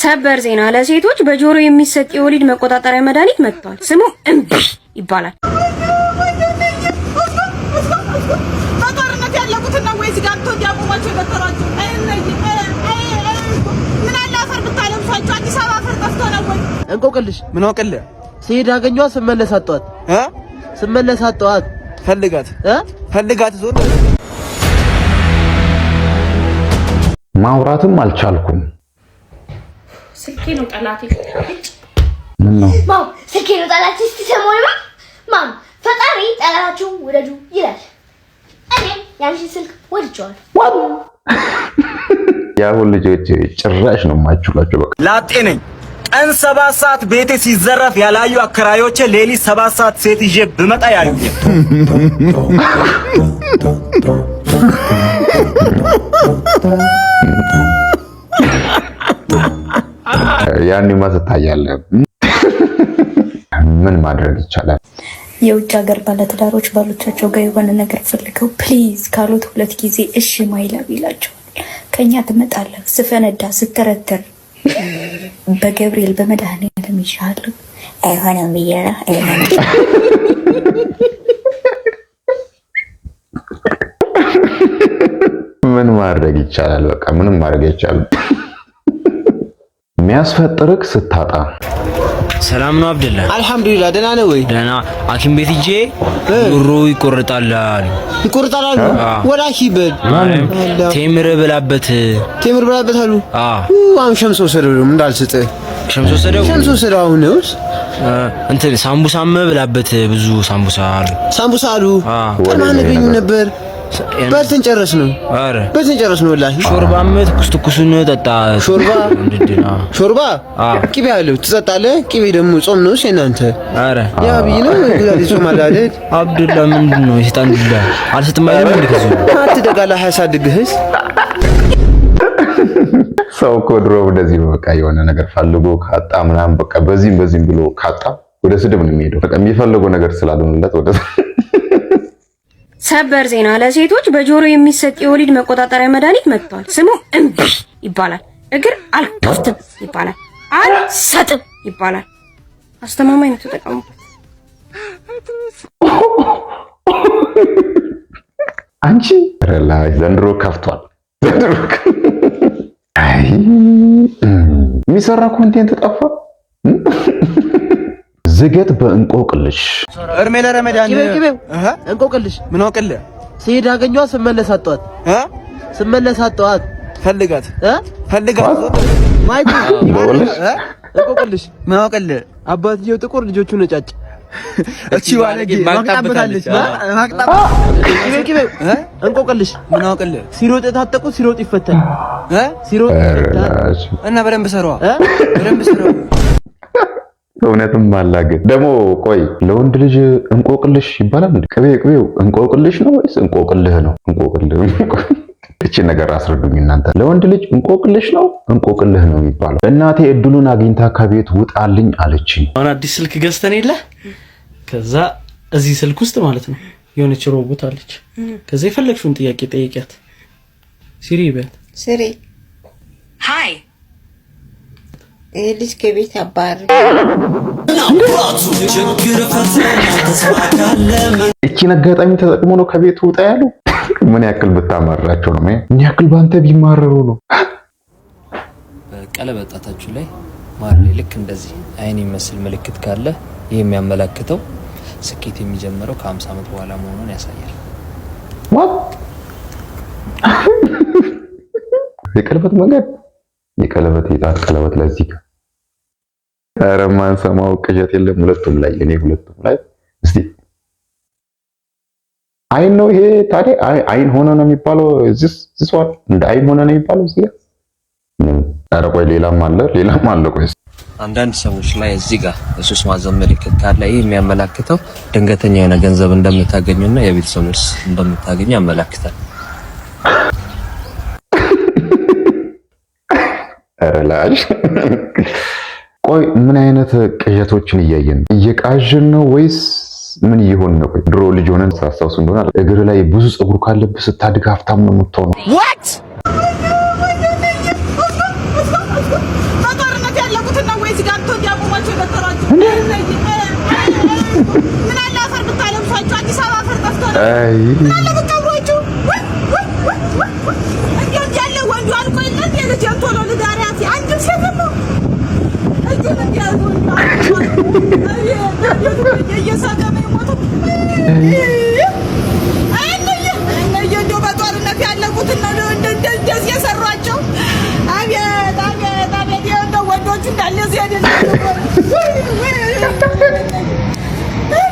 ሰበር ዜና ለሴቶች በጆሮ የሚሰጥ የወሊድ መቆጣጠሪያ መድኃኒት መጥቷል። ስሙ እምቢ ይባላል። እንቆቅልሽ ምን አውቅልህ? ስሄድ አገኘኋት፣ ስመለስ አጣኋት እ ስመለስ አጣኋት። ፈልጋት እ ፈልጋት ዞን ማውራትም አልቻልኩም። ስልኬ ነው ጠላቴ። ማም ስልኬ ነው ጠላቴ። እስቲ ሰሞኑ ማም ፈጣሪ ጠላታችሁ ውደዱ ይላል። እኔ ያንቺን ስልክ ወድጄዋለሁ። የአሁን ልጆች ጭራሽ ነው የማይችሏቸው። በቃ ላጤ ነኝ። ቀን ሰባት ሰዓት ቤቴ ሲዘረፍ ያላዩ አከራዮቼ ሌሊት ሰባት ሰዓት ሴት ይዤ ብመጣ ያዩ ያኔማ ትታያለህ። ምን ማድረግ ይቻላል? የውጭ ሀገር ባለትዳሮች ባሎቻቸው ጋር የሆነ ነገር ፈልገው ፕሊዝ ካሉት ሁለት ጊዜ እሺ ማይለብ ይላቸዋል። ከኛ ትመጣለህ ስፈነዳ ስተረተር በገብርኤል በመድኃኒዓለም ይሻሉ አይሆነም ብዬሽ ምን ማድረግ ይቻላል? በቃ ምንም ማድረግ አይቻልም። የሚያስፈጥርክ ስታጣ ሰላም ነው አብደላ? አልሐምዱሊላህ ደና ነው ወይ? ደና አኪም ቤት ሂጄ ጉሮ ይቆርጣል አሉ። ይቆርጣል አሉ? ወላሂ በል ቴምር ብላበት ቴምር ብላበት አሉ። አሁን ሸምሶ ሰደው ደግሞ እንዳልሰጥህ ሸምሶ ሰደው ሸምሶ ሰደው አሁን ውስ እንትን ሳምቡሳም ብላበት ብዙ ሳምቡሳ አሉ። ሳምቡሳ አሉ? ማን ገኙ ነበር በልተን ጨረስን ነው። ኧረ በልተን ጨረስን ነው። ወላሂ ሾርባ አመት ኩስኩሱን ጠጣ። ሾርባ ሾርባ ቅቤ አለው ትጠጣለህ። ቅቤ ደግሞ ጾም ነው። እናንተ አረ ያ ብይ ነው ግዛት ጾም አለ አይደል? አብዱላ ምንድን ነው የሰይጣን ዱላ አልሰጥም አይደል? እንደዚህ አትደጋላ ያሳድግህስ ሰው እኮ ድሮ እንደዚህ ነው። በቃ የሆነ ነገር ፈልጎ ካጣ ምናምን በቃ በዚህም በዚህም ብሎ ካጣ ወደ ስድብ ነው የሚሄደው። በቃ የሚፈልገው ነገር ስላልሆነለት ወደ ሰበር ዜና ለሴቶች በጆሮ የሚሰጥ የወሊድ መቆጣጠሪያ መድኃኒት መጥቷል። ስሙ እምቢ ይባላል። እግር አልከፍትም ይባላል። አልሰጥም ይባላል። አስተማማኝ ነው፣ ተጠቀሙበት። አንቺ ረላይ ዘንድሮ ከፍቷል። ዘንድሮ የሚሰራ ኮንቴንት ጠፋ። ዝገት በእንቆቅልሽ እርሜ ለረመዳን እንቆቅልሽ ምን አውቅልህ ስሄድ አገኘኋት ስመለሳት ጠዋት እ ስመለሳት ጠዋት ፈልጋት ፈልጋት ማይኩ እንቆቅልሽ ምን አውቅልህ አባትየው ጥቁር ልጆቹ ነጫጭ እቺ ባለጌ ማቅጣበታለች እንቆቅልሽ ምን አውቅልህ ሲሮጥ የታጠቁት ሲሮጥ ይፈታል እ ሲሮጥ እና በደንብ ሰሯ በደንብ ሰሯ እውነትም አላገኝ ደግሞ ቆይ ለወንድ ልጅ እንቆቅልሽ ይባላል እንዴ? ቅቤ ቅቤው እንቆቅልሽ ነው ወይስ እንቆቅልህ ነው? እንቆቅልህ እቺ ነገር አስረዱኝ እናንተ። ለወንድ ልጅ እንቆቅልሽ ነው እንቆቅልህ ነው የሚባለው? እናቴ እድሉን አግኝታ ከቤት ውጣልኝ አለችኝ። አሁን አዲስ ስልክ ገዝተን የለ ከዛ እዚህ ስልክ ውስጥ ማለት ነው የሆነች ሮቦት አለች። ከዛ የፈለግሽውን ጥያቄ ጠይቂያት። ሲሪ በያት። ሲሪ ሃይ ይህ ልጅ ከቤት ያባር እቺን አጋጣሚ ተጠቅሞ ነው ከቤት ውጣ ያሉ። ምን ያክል ብታማራቸው ነው? ምን ያክል በአንተ ቢማረሩ ነው? በቀለበት ላይ ማር ልክ እንደዚህ አይን የሚመስል ምልክት ካለ ይህ የሚያመላክተው ስኬት የሚጀምረው ከ50 ዓመት በኋላ መሆኑን ያሳያል። የቀለበት መንገድ የቀለበት የጣት ቀለበት ለዚህ ጋር ኧረ ሰማው ቅዠት የለም። ሁለቱም ላይ እኔ ሁለቱም ላይ እስቲ አይን ነው ይሄ ታዲያ አይን ሆነ ነው የሚባለው። እዚስ ዝሷል እንደ አይን ሆነ ነው የሚባለው እዚህ ጋር። ኧረ ቆይ ሌላም አለ ሌላም አለ። ቆይ አንዳንድ ሰዎች ላይ እዚህ ጋር እሱስ ማዘመር ይከታል። ይሄ የሚያመላክተው ድንገተኛ የሆነ ገንዘብ እንደምታገኙና የቤተሰብ ውርስ እንደምታገኙ ያመላክታል። ላል ቆይ ምን አይነት ቅዠቶችን እያየን እየቃዥን ነው ወይስ ምን እየሆን ነው? ቆይ ድሮ ልጅ ሆነን ሳስታውስ እንደሆነ እግር ላይ ብዙ ፀጉር ካለብህ ስታድግ ሀብታም ነው የምትሆነው። አይ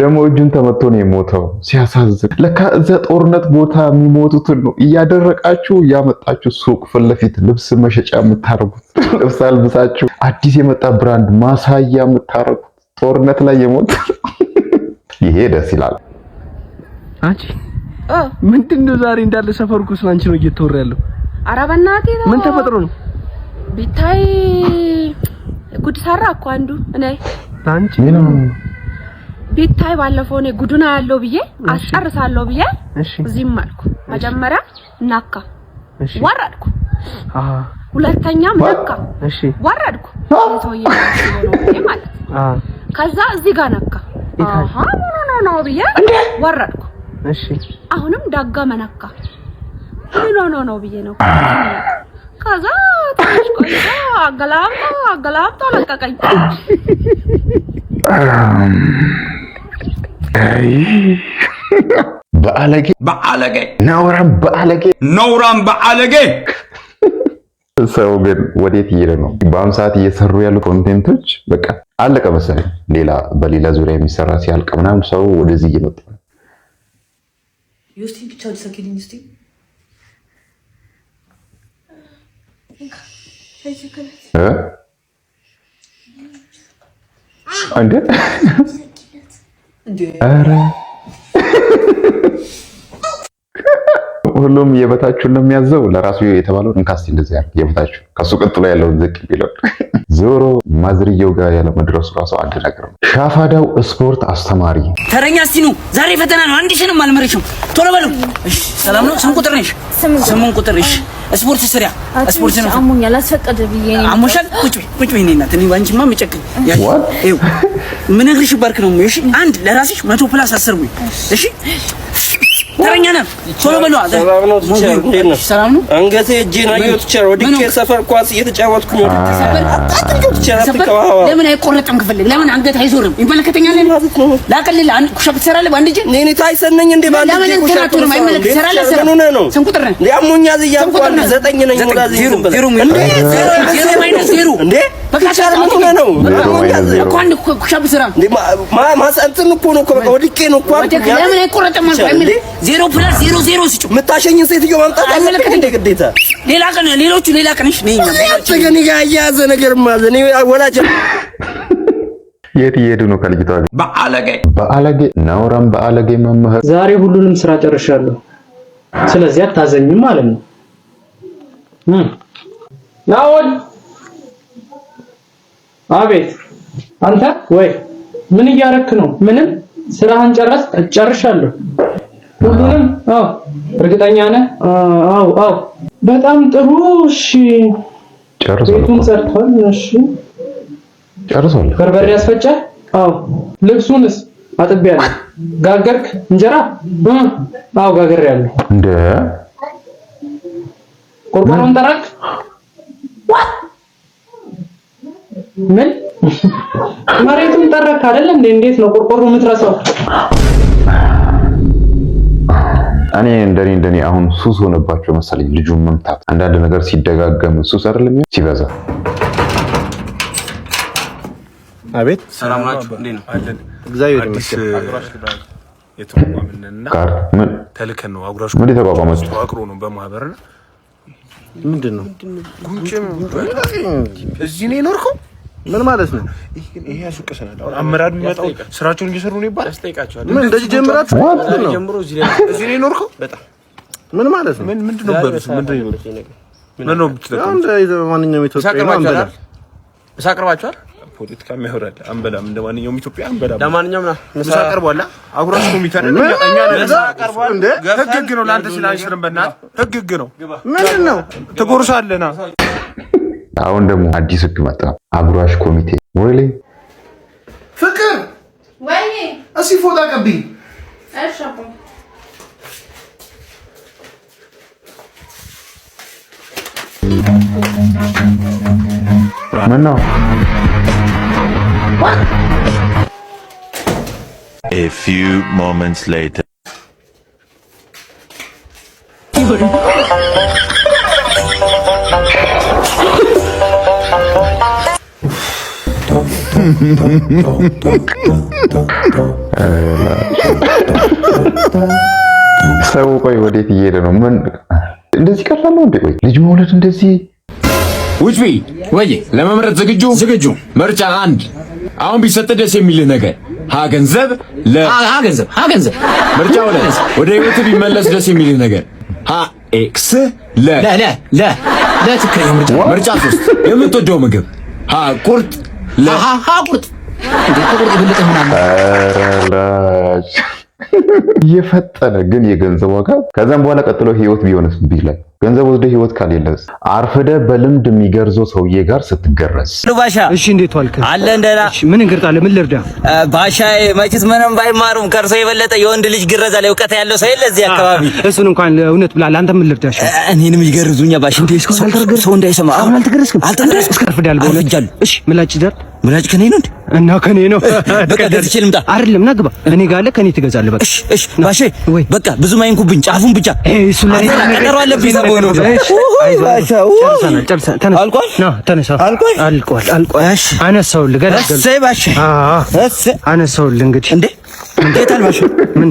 ደግሞ እጁን ተመቶ ነው የሞተው። ሲያሳዝን። ለካ እዛ ጦርነት ቦታ የሚሞቱትን ነው እያደረቃችሁ እያመጣችሁ ሱቅ ፊት ለፊት ልብስ መሸጫ የምታደርጉት፣ ልብስ አልብሳችሁ አዲስ የመጣ ብራንድ ማሳያ የምታደርጉት፣ ጦርነት ላይ የሞት ይሄ ደስ ይላል። አንቺ ምንድን ነው ዛሬ እንዳለ ሰፈር እኮ ስላንቺ ነው እየተወራ ያለው። ኧረ በእናትህ ነው። ምን ተፈጥሮ ነው ቢታይ ጉድ ሰራ እኮ አንዱ እኔ ታንቺ ቤታይ ባለፈው እኔ ጉዱና ያለው ብዬ አስጨርሳለሁ ብዬ እዚህም አልኩ። መጀመሪያ ናካ ወረድኩ፣ ሁለተኛም ነካ ወረድኩ። ሰውዬ ነው ማለት ከዛ እዚህ ጋር ነካ። አሃ ነው ነው ብዬ ወረድኩ። እሺ አሁንም ዳጋ ነካ። ኖ ኖ ኖ ብዬ ነው ከዛ ትንሽ ቆይቶ አገላብጦ አገላብጦ ለቀቀኝ። በአለጌ በአለጌ ነውራም በአለጌ ነውራም በአለጌ። ሰው ግን ወዴት እየሄደ ነው? በአሁኑ ሰዓት እየሰሩ ያሉ ኮንቴንቶች በቃ አለቀ መሰለኝ። ሌላ በሌላ ዙሪያ የሚሰራ ሲያልቅ ምናምን ሰው ወደዚህ እየመጣ ነው። ዩስቲን እንዴ I don't there ሁሉም የበታችሁን ነው የሚያዘው። ለራሱ የተባለው እንካስቲ እንደዚህ ያ የበታችሁ ከሱ ቀጥሎ ያለውን ዝቅ ቢለው ዞሮ ማዝርየው ጋር ያለ መድረሱ ራሱ አንድ ነገር ነው። ሻፋዳው ስፖርት አስተማሪ ተረኛ እስቲ ኑ ዛሬ ፈተና ነው። አንድ ሽንም አልመረሽም። ቶሎ በሉ። ሰላም ነው። ስም ቁጥር ነሽ? ስምንት ቁጥር። እሺ ስፖርት ስሪያ ስፖርት ነው። አሞኛል፣ አስፈቀደ ብዬ አሞሻል። ቁጭ ቁጭ ብዬ እናት እኔ ባንቺማ መጨቅ ያው ምን እግርሽ ባርክ ነው። እሺ አንድ ለራስሽ መቶ ፕላስ አስር እሺ ተረኛ ነህ። ቶሎ በሏ። ሰላም ነው። አንገቴ እጄን አየሁት። ቸር ወድቄ ሰፈር ኳስ እየተጫወትኩ ለምን አይቆረጥም? ክፍል ለምን አንገት አይዞርም? ይመለከተኛል። ላቀልልህ። ኩሻፕ ትሰራለህ በአንድ እጅ። እኔ ታይሰነኝ እንዴ? ባንድ እጅ ኩሻፕ ሄሩ እንዴ በቃ ነው ስራ እንዴ ማሳንትን ነው የምታሸኝን ሴትዮ ማምጣት አይመለከት እንደ ግዴታ ሌላ ቀን ሌሎቹ ሌላ ቀን እሺ ነኝ ነገር ማለት ወላጅ የት እየሄዱ ነው ከልጅቷ ጋር በአለጌ በአለጌ ናውራም በአለጌ መምህር ዛሬ ሁሉንም ስራ ጨርሻለሁ ስለዚህ አታዘኝም ማለት ነው ናውል አቤት አንተ ወይ ምን እያረክ ነው? ምንም ስራህን ጨረስ። ጨርሻለሁ። ሁሉንም? አዎ። እርግጠኛ ነህ? አዎ፣ አዎ። በጣም ጥሩ። እሺ፣ ጨርሷል። ቤቱን ሰርቷል። እሺ፣ ጨርሷል። በርበሬ ያስፈጨ? አዎ። ልብሱንስ አጥቤያለሁ። ጋገርክ? እንጀራ? አዎ፣ ጋገሬያለሁ። እንደ ቆርቆሮን ጠራክ? ምን መሬቱን ጠረክ አይደል እንዴ? እንዴት ነው ቆርቆሮ የምትረሳው? እኔ እንደኔ እንደኔ አሁን ሱስ ሆነባቸው መሰለኝ ልጁን መምታት። አንዳንድ ነገር ሲደጋገም ሱስ አይደለም ሲበዛ። አቤት ሰላም ናችሁ? እንዴ ነው? እግዚአብሔር ይመስገን። የተቋቋምንና ምን ተልከን ነው አጉራሽ ምን የተቋቋማችሁ አቅሮ ነው በማህበር ምንድን ነው ጉንጭም እዚህ ነው የኖርከው ምን ማለት ነው ይሄ? ያስወቅሰናል። አሁን አመራር የሚመጣው ስራቸውን እየሰሩ ነው ይባላል። አስጠይቃቸዋለሁ። ምን እንደዚህ ጀምራት ነው ጀምሮ እዚህ ላይ እዚህ ላይ ኖርከው በጣም ምን ማለት ነው? ምን ምንድን ነው በሉት? ምንድን ነው ምን ነው ብትለቀም እንደ ማንኛውም ኢትዮጵያ ነው አንበላ ሳቀርባቸዋል ፖለቲካ የሚያወራል አንበላም። እንደ ማንኛውም ኢትዮጵያ አንበላም። ለማንኛውም ና ምሳ ቀርቧል። አጉራሽ ኮሚቴ ነው ህግ ህግ ነው። ለአንተ ስለ አንሽርም በእናትህ ህግ ህግ ነው። ምንድን ነው ትጎርሳለህ ና አሁን ደግሞ አዲስ ህግ መጣ። አብሯሽ ኮሚቴ ወይሌ ፍቅር ወይኔ እሺ፣ ፎጣ ቀብኝ። እሺ አባ ምን ነው? A few moments later ሰው ቆይ ወዴት እየሄደ ነው? ምን እንደዚህ ቀላል ነው እንዴ? ቆይ ልጅ መውለድ እንደዚህ ውጭ ወይ ለመምረጥ ዝግጁ ዝግጁ። ምርጫ አንድ አሁን ቢሰጥ ደስ የሚልህ ነገር ሀ ገንዘብ፣ ለ ሀ ገንዘብ፣ ሀ ገንዘብ። ምርጫ ሁለት ወደ ህይወት ቢመለስ ደስ የሚልህ ነገር ሀ ኤክስ፣ ለ ለ ለ ለ። ትክክለኛ ምርጫ። ምርጫ ሶስት የምትወደው ምግብ ሀ ቁርጥ ቁርጥ ግን የገንዘብ ዋጋ ከዛም በኋላ ቀጥሎ ህይወት ቢሆንስ ብህ ላይ ገንዘብ ወስደ ህይወት ካልየለስ አርፍደ በልምድ የሚገርዘው ሰውዬ ጋር ስትገረዝ ባሻ እሺ፣ እንዴት ዋልክ አለ እንደና ምን እንግርጣለ ምን ልርዳ ባሻ ምንም ባይማሩም ከእርሶ የበለጠ የወንድ ልጅ ግረዛ ላይ እውቀት ያለው ሰው የለ እዚህ አካባቢ። እሱን እንኳን እውነት አንተ ምን እኔንም ይገርዙኛ ባሽ፣ እንዴ ሰው እንዳይሰማ አሁን አልተገረዝክም? አልተገረዝክም። አርፍዳል። በእውነት እሺ፣ ምላጭ ምላጭ ከኔ ነው እንዴ? እና ከኔ ነው። በቃ ገዝቼ ልምጣ። አይደለም ና ግባ። እኔ ጋር አለ ከኔ ትገዛለህ። በቃ እሺ፣ እሺ ባሼ። ወይ በቃ ብዙ ማይንኩብኝ ጫፉን ብቻ። እሱ ላይ ቀጠሮ አለብኝ ነው ነው። አይ ባሻ፣ አልቋል። ና ተነሳ። አልቋል፣ አልቋል፣ አልቋል። እሺ አነሳውልህ። ገለገለ። እሰይ ባሼ፣ አነሳውልህ። እንግዲህ እንዴ፣ እንዴት አልባሽ ምን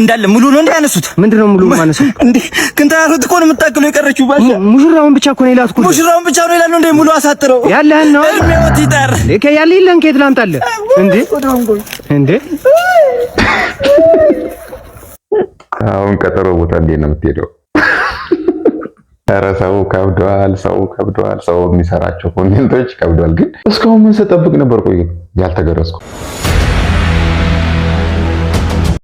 እንዳለ ሙሉ ነው እንዳነሱት። ምንድነው ሙሉ ማነሱት እንዴ? ግን ታያሩት እኮ ነው የምታክለው የቀረችው ባሻ። ሙሽራውን ብቻ እኮ ነው ይላት እኮ ሙሽራውን ብቻ ነው ይላል እንዴ? ሙሉ አሳጥረው ያለህን ነው እርሜዎት ይጣር ለከ ያለ ይለን ከየት ላምጣልህ እንዴ? እንዴ አሁን ቀጠሮ ቦታ እንዴት ነው የምትሄደው? ኧረ ሰው ከብዷል፣ ሰው ከብዷል። ሰው የሚሰራቸው ኮሜንቶች ከብዷል። ግን እስካሁን ምን ስጠብቅ ነበር? ቆይ ያልተገረዝኩ